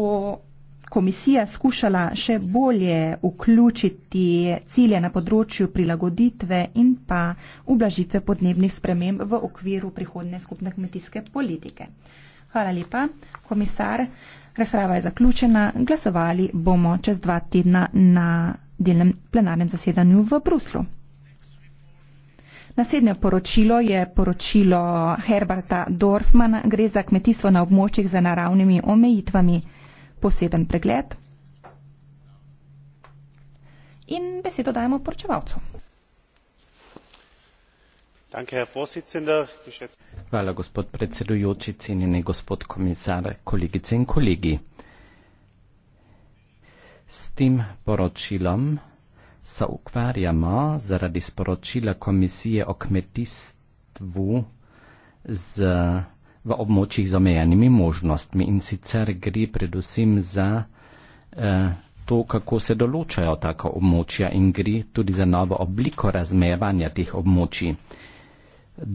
bo komisija skušala še bolje vključiti cilje na področju prilagoditve in pa ublažitve podnebnih sprememb v okviru prihodne skupne kmetijske politike. Hvala lepa, komisar. Razprava je zaključena. Glasovali bomo čez dva tedna na delnem plenarnem zasedanju v Bruslu. Naslednje poročilo je poročilo Herberta Dorfmana. Gre za kmetijstvo na območjih za naravnimi omejitvami poseben pregled. In besedo dajemo poročevalcu. Hvala, gospod predsedujoči, cenjeni gospod komisar, kolegice in kolegi. S tem poročilom se ukvarjamo zaradi sporočila Komisije o kmetijstvu z v območjih z omejenimi možnostmi in sicer gre predvsem za eh, to, kako se določajo tako območja in gre tudi za novo obliko razmejevanja teh območij.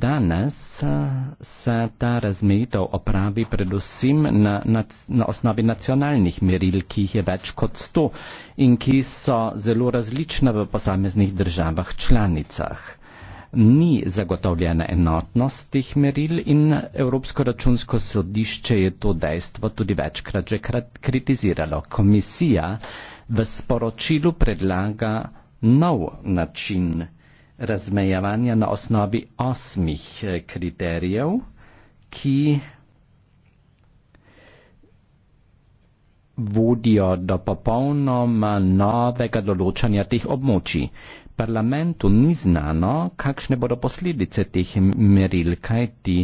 Danes eh, se ta razmejitev opravi predvsem na, na, na osnovi nacionalnih meril, ki jih je več kot sto in ki so zelo različna v posameznih državah članicah ni zagotovljena enotnost teh meril in Evropsko računsko sodišče je to dejstvo tudi večkrat že kritiziralo. Komisija v sporočilu predlaga nov način razmejevanja na osnovi osmih eh, kriterijev, ki vodijo do popolnoma novega določanja teh območij parlamentu ni znano, kakšne bodo posledice teh meril, kaj ti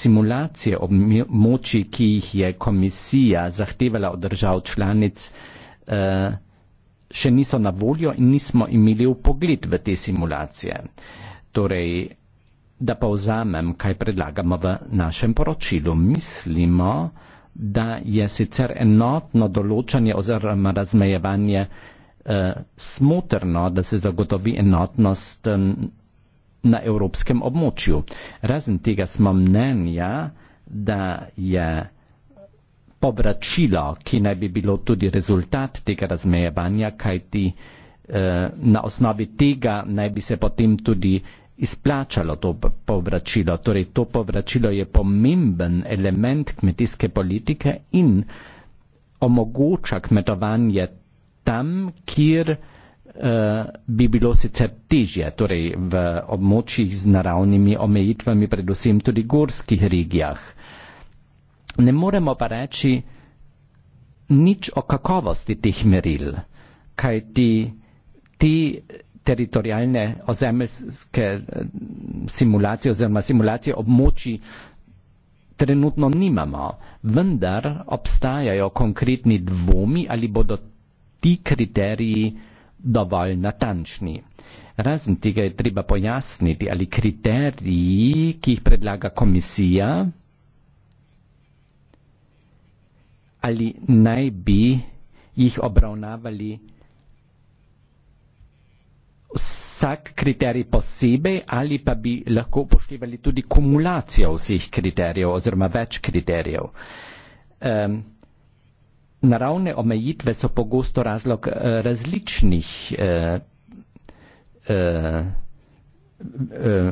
simulacije območij, ki jih je komisija zahtevala od držav članic, eh, še niso na voljo in nismo imeli v pogled v te simulacije. Torej, da pa vzamem, kaj predlagamo v našem poročilu. Mislimo, da je sicer enotno določanje oziroma razmejevanje eh, smotrno, da se zagotovi enotnost eh, na evropskem območju. Razen tega smo mnenja, da je povračilo, ki naj bi bilo tudi rezultat tega razmejevanja, kajti eh, na osnovi tega naj bi se potem tudi izplačalo to povračilo. Torej, to povračilo je pomemben element kmetijske politike in omogoča kmetovanje tam, kjer uh, bi bilo sicer težje, torej v območjih z naravnimi omejitvami, predvsem tudi gorskih regijah. Ne moremo pa reči nič o kakovosti teh meril, kajti ti teritorijalne ozemeljske eh, simulacije oziroma simulacije območij trenutno nimamo, vendar obstajajo konkretni dvomi ali bodo ti kriteriji dovolj natančni. Razen tega je treba pojasniti, ali kriteriji, ki jih predlaga komisija, ali naj bi jih obravnavali vsak kriterij posebej ali pa bi lahko upoštevali tudi kumulacijo vseh kriterijev oziroma več kriterijev. Um, Naravne omejitve so pogosto razlog eh, različnih, eh, eh, eh,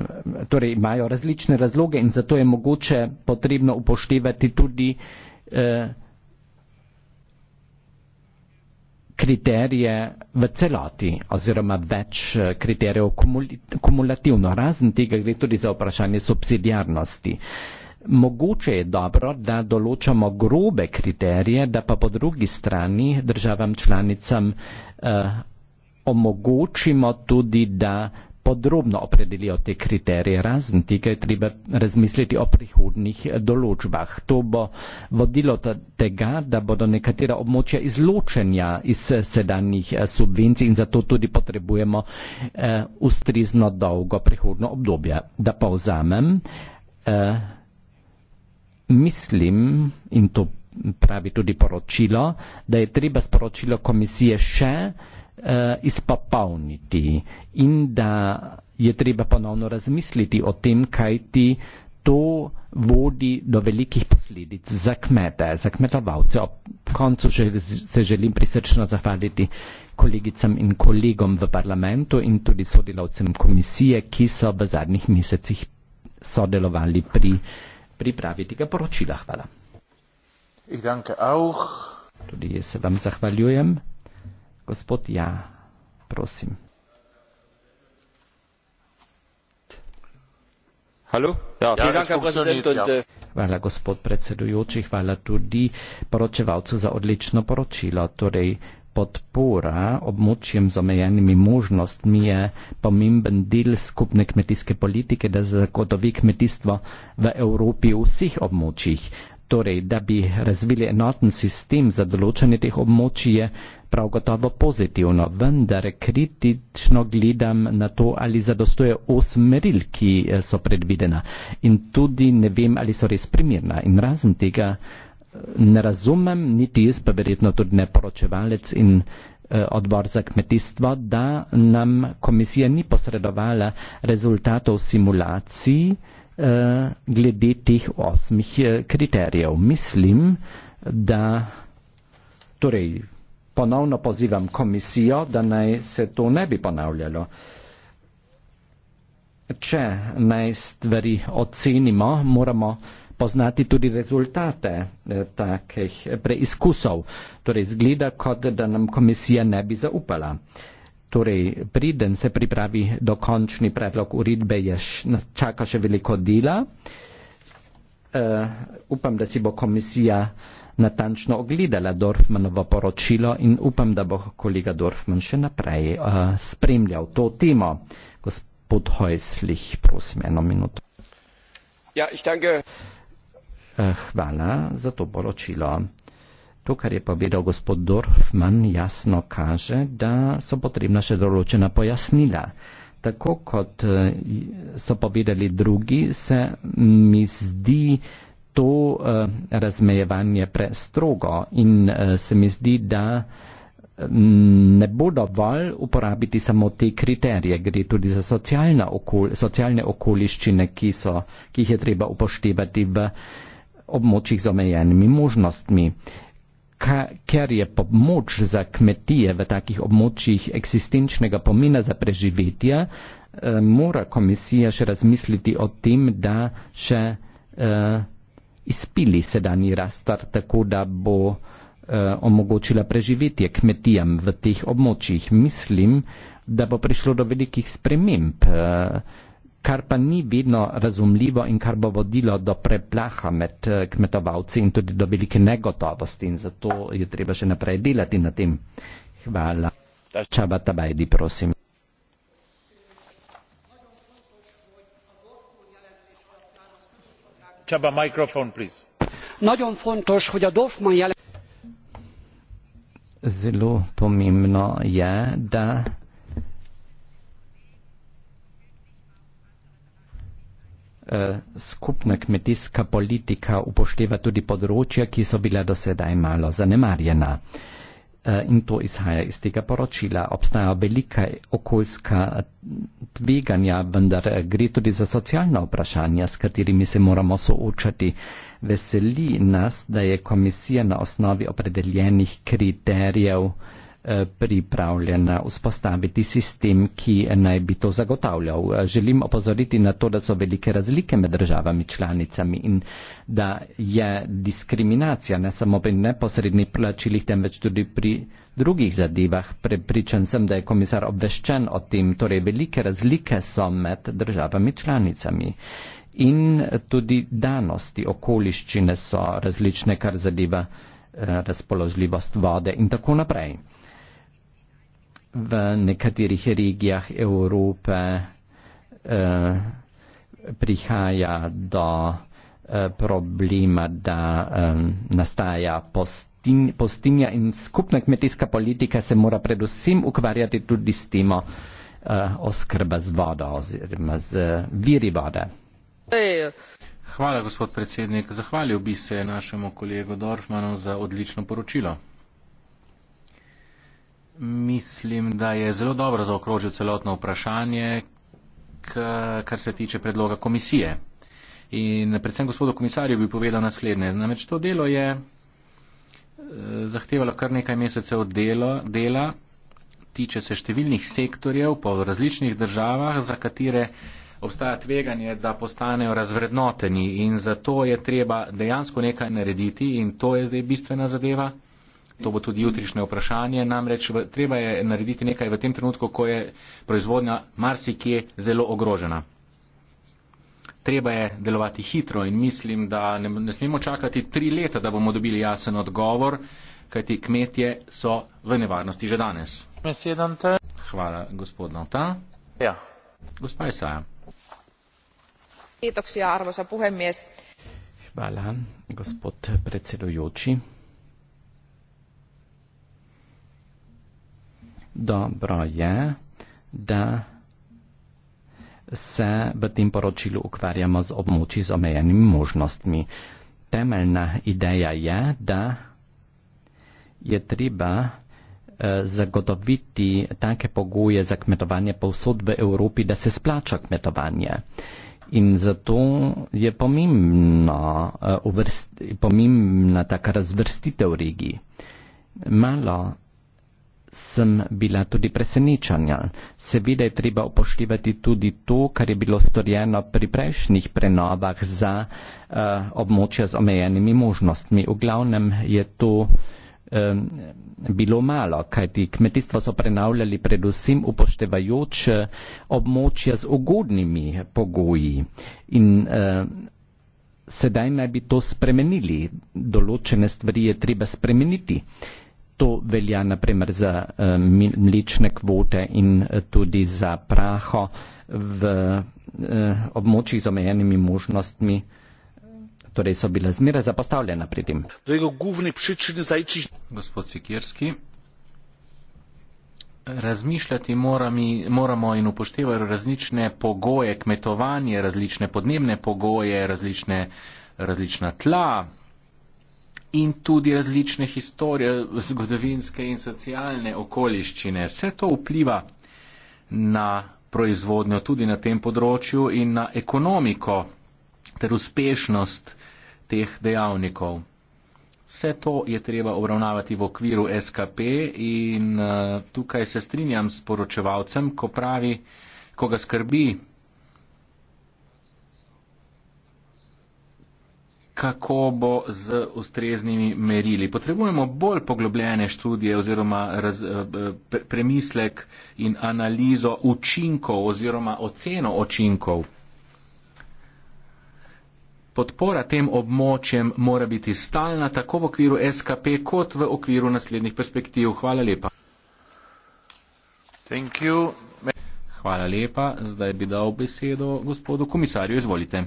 torej imajo različne razloge in zato je mogoče potrebno upoštevati tudi eh, kriterije v celoti oziroma več eh, kriterijev kumulativno. Razen tega gre tudi za vprašanje subsidijarnosti. Eh, Mogoče je dobro, da določamo grobe kriterije, da pa po drugi strani državam članicam eh, omogočimo tudi, da podrobno opredelijo te kriterije, razen tega je treba razmisliti o prihodnih določbah. To bo vodilo tega, da bodo nekatera območja izločenja iz eh, sedanjih eh, subvencij in zato tudi potrebujemo eh, ustrizno dolgo prihodno obdobje. Da povzamem, eh, mislim in to pravi tudi poročilo, da je treba sporočilo komisije še uh, izpopolniti in da je treba ponovno razmisliti o tem, kaj ti to vodi do velikih posledic za kmete, za kmetovalce. Ob koncu že, se želim prisrčno zahvaliti kolegicam in kolegom v parlamentu in tudi sodelavcem komisije, ki so v zadnjih mesecih sodelovali pri pripraviti ga poročila. Hvala. Ich danke auch. Tudi jaz se vam zahvaljujem. Gospod, ja, prosim. Halo? Ja, ja, danke, ja. Äh, hvala, gospod predsedujoči, hvala tudi poročevalcu za odlično poročilo. Torej, podpora območjem z omejenimi možnostmi je pomemben del skupne kmetijske politike, da zagotovi kmetijstvo v Evropi v vseh območjih. Torej, da bi razvili enoten sistem za določanje teh območij je prav gotovo pozitivno, vendar kritično gledam na to, ali zadostuje osem meril, ki eh, so predvidena in tudi ne vem, ali so res primirna. In razen tega ne razumem, niti jaz, pa verjetno tudi ne poročevalec in eh, odbor za kmetijstvo, da nam komisija ni posredovala rezultatov simulacij eh, glede teh osmih eh, kriterijev. Mislim, da torej ponovno pozivam komisijo, da naj se to ne bi ponavljalo. Če naj stvari ocenimo, moramo poznati tudi rezultate eh, takih eh, preizkusov. Torej, zgleda, kot da nam komisija ne bi zaupala. Torej, priden se pripravi dokončni predlog uredbe, čaka še veliko dela. Uh, upam, da si bo komisija natančno ogledala Dorfmanovo poročilo in upam, da bo kolega Dorfman še naprej uh, spremljal to temo. Gospod Hojslih, prosim, eno minuto. Ja, Eh, hvala za to poročilo. To, kar je povedal gospod Dorfman, jasno kaže, da so potrebna še določena pojasnila. Tako kot eh, so povedali drugi, se mi zdi to eh, razmejevanje prestrogo in se mi zdi, da mm, ne bo dovolj uporabiti samo te kriterije, gre tudi za okol, socialne okoliščine, ki, so, ki jih je treba upoštevati v območjih z omejenimi možnostmi. Ka, ker je pomoč za kmetije v takih območjih eksistenčnega pomena za preživetje, e, mora komisija še razmisliti o tem, da še e, izpili sedanji rastar, tako da bo e, omogočila preživetje kmetijam v teh območjih. Mislim, da bo prišlo do velikih sprememb. E, kar pa ni vedno razumljivo in kar bo vodilo do preplaha med eh, kmetovalci in tudi do velike negotovosti in zato je treba še naprej delati na tem. Hvala. Čaba Tabajdi, prosim. Csaba, mikrofon, please. Nagyon fontos, hogy a Dorfman jelen... Zelo pomembno je, da Eh, skupna kmetijska politika upošteva tudi področja, ki so bila do sedaj malo zanemarjena. Eh, in to izhaja iz tega poročila. Obstaja velika okoljska tveganja, vendar eh, gre tudi za socialna vprašanja, s katerimi se moramo soočati. Veseli nas, da je komisija na osnovi opredeljenih kriterijev uh, Eh, pripravljena vzpostaviti sistem, ki naj bi to zagotavljal. Želim opozoriti na to, da so velike razlike med državami članicami in da je diskriminacija ne samo pri neposrednih plačilih, temveč tudi pri drugih zadevah. Prepričan sem, da je komisar obveščen o tem, torej velike razlike so med državami članicami. In tudi danosti, okoliščine so različne, kar zadeva eh, razpoložljivost vode in tako naprej v nekaterih regijah Evrope eh, prihaja do eh, problema, da eh, nastaja postinja in skupna kmetijska politika se mora predvsem ukvarjati tudi s temo oskrba z vodo oziroma z viri vode. Hvala, gospod predsednik. Zahvalil bi se našemu kolegu Dorfmanu za odlično poročilo. Mislim, da je zelo dobro zaokrožil celotno vprašanje, kar se tiče predloga komisije. In predvsem gospodu komisarju bi povedal naslednje. Namreč to delo je eh, zahtevalo kar nekaj mesecev delo, dela, tiče se številnih sektorjev po različnih državah, za katere obstaja tveganje, da postanejo razvrednoteni. In zato je treba dejansko nekaj narediti in to je zdaj bistvena zadeva. To bo tudi jutrišnje vprašanje. Namreč treba je narediti nekaj v tem trenutku, ko je proizvodnja marsikje zelo ogrožena. Treba je delovati hitro in mislim, da ne, ne smemo čakati tri leta, da bomo dobili jasen odgovor, kajti kmetje so v nevarnosti že danes. Hvala, gospod Nota. Ja. Gospa Isaja. Hvala, gospod predsedujoči. dobro je, da se v tem poročilu ukvarjamo z območji z omejenimi možnostmi. Temeljna ideja je, da je treba eh, zagotoviti take pogoje za kmetovanje povsod v Evropi, da se splača kmetovanje. In zato je pomembno, uh, uvrst, pomembna taka razvrstitev regij. Malo sem bila tudi presenečanja. Seveda je treba upoštevati tudi to, kar je bilo storjeno pri prejšnjih prenovah za uh, območja z omejenimi možnostmi. V glavnem je to um, bilo malo, kajti kmetijstvo so prenavljali predvsem upoštevajoč eh, območja z ugodnimi pogoji. In, uh, Sedaj naj bi to spremenili, določene stvari je treba spremeniti. Uh, To velja naprimer za eh, mlečne kvote in eh, tudi za praho v eh, območjih z omejenimi možnostmi. Torej so bile zmeraj zapostavljena pri tem. Gospod Sikirski. Razmišljati morami, moramo in upoštevajo različne pogoje kmetovanje, različne podnebne pogoje, različne, različna tla, in tudi različne historije, zgodovinske in socialne okoliščine. Vse to vpliva na proizvodnjo tudi na tem področju in na ekonomiko ter uspešnost teh dejavnikov. Vse to je treba obravnavati v okviru SKP in eh, tukaj se strinjam s poročevalcem, ko pravi, ko ga skrbi kako bo z ustreznimi merili. Potrebujemo bolj poglobljene študije oziroma raz, eh, pre, premislek in analizo učinkov oziroma oceno učinkov. Podpora tem območjem mora biti stalna tako v okviru SKP kot v okviru naslednjih perspektiv. Hvala lepa. Hvala lepa. Zdaj bi dal besedo gospodu komisarju. Izvolite.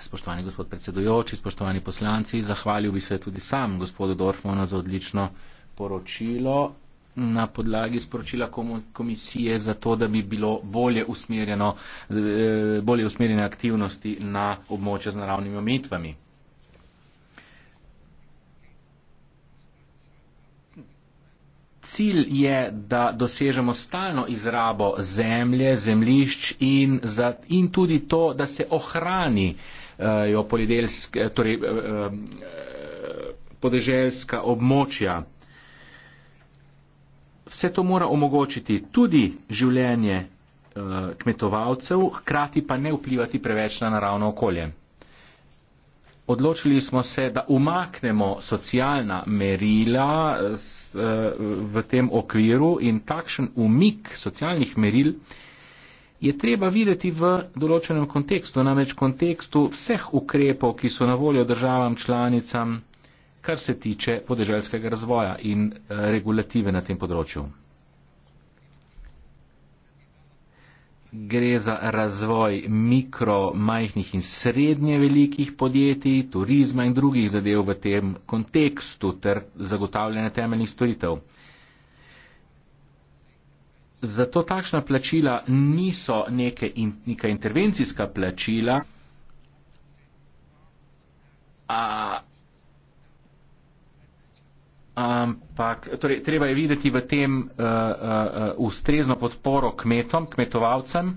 Spoštovani gospod predsedujoči, spoštovani poslanci, zahvalil bi se tudi sam gospodu Dorfmana za odlično poročilo na podlagi sporočila komisije za to, da bi bilo bolje, eh, bolje usmerjene aktivnosti na območje z naravnimi omitvami. Cilj je, da dosežemo stalno izrabo zemlje, zemlišč in, za, in tudi to, da se ohranijo eh, eh, torej, eh, podeželska območja. Vse to mora omogočiti tudi življenje kmetovalcev, hkrati pa ne vplivati preveč na naravno okolje odločili smo se, da umaknemo socialna merila eh, v tem okviru in takšen umik socialnih meril je treba videti v določenem kontekstu, namreč kontekstu vseh ukrepov, ki so na voljo državam članicam, kar se tiče podeželjskega razvoja in eh, regulative na tem področju. gre za razvoj mikro, majhnih in srednje velikih podjetij, turizma in drugih zadev v tem kontekstu ter zagotavljanje temeljnih storitev. Zato takšna plačila niso neke in, neka intervencijska plačila, a ampak torej, treba je videti v tem uh, uh, ustrezno podporo kmetom, kmetovalcem.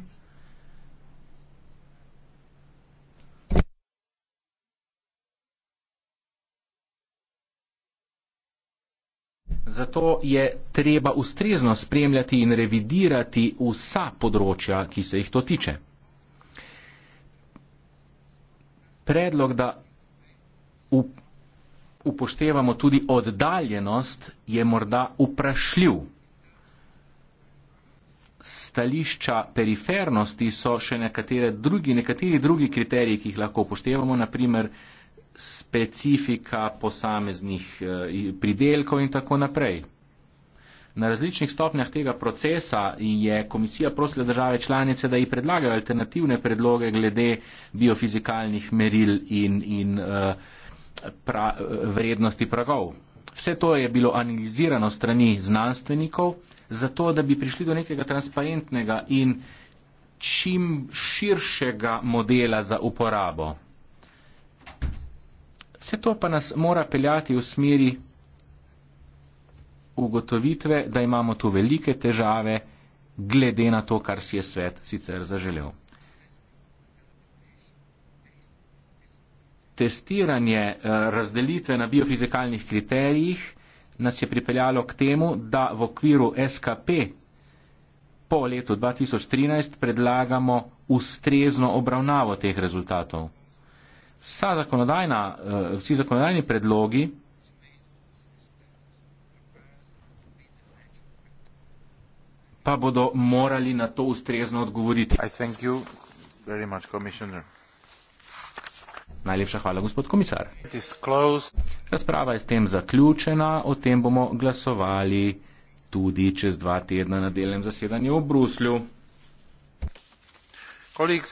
Zato je treba ustrezno spremljati in revidirati vsa področja, ki se jih to tiče. Predlog, da upoštevamo tudi oddaljenost, je morda vprašljiv. Stališča perifernosti so še drugi, nekateri drugi kriteriji, ki jih lahko upoštevamo, naprimer specifika posameznih eh, pridelkov in tako naprej. Na različnih stopnjah tega procesa je komisija prosila države članice, da ji predlagajo alternativne predloge glede biofizikalnih meril in, in uh, pra, vrednosti pragov. Vse to je bilo analizirano strani znanstvenikov, zato da bi prišli do nekega transparentnega in čim širšega modela za uporabo. Vse to pa nas mora peljati v smeri ugotovitve, da imamo tu velike težave glede na to, kar si je svet sicer zaželel. testiranje eh, razdelitve na biofizikalnih kriterijih nas je pripeljalo k temu, da v okviru SKP po letu 2013 predlagamo ustrezno obravnavo teh rezultatov. Vsa zakonodajna, eh, vsi zakonodajni predlogi pa bodo morali na to ustrezno odgovoriti. Much, Najlepša hvala, gospod komisar. Razprava je s tem zaključena, o tem bomo glasovali tudi čez dva tedna na delnem zasedanju v Bruslju. Kolik?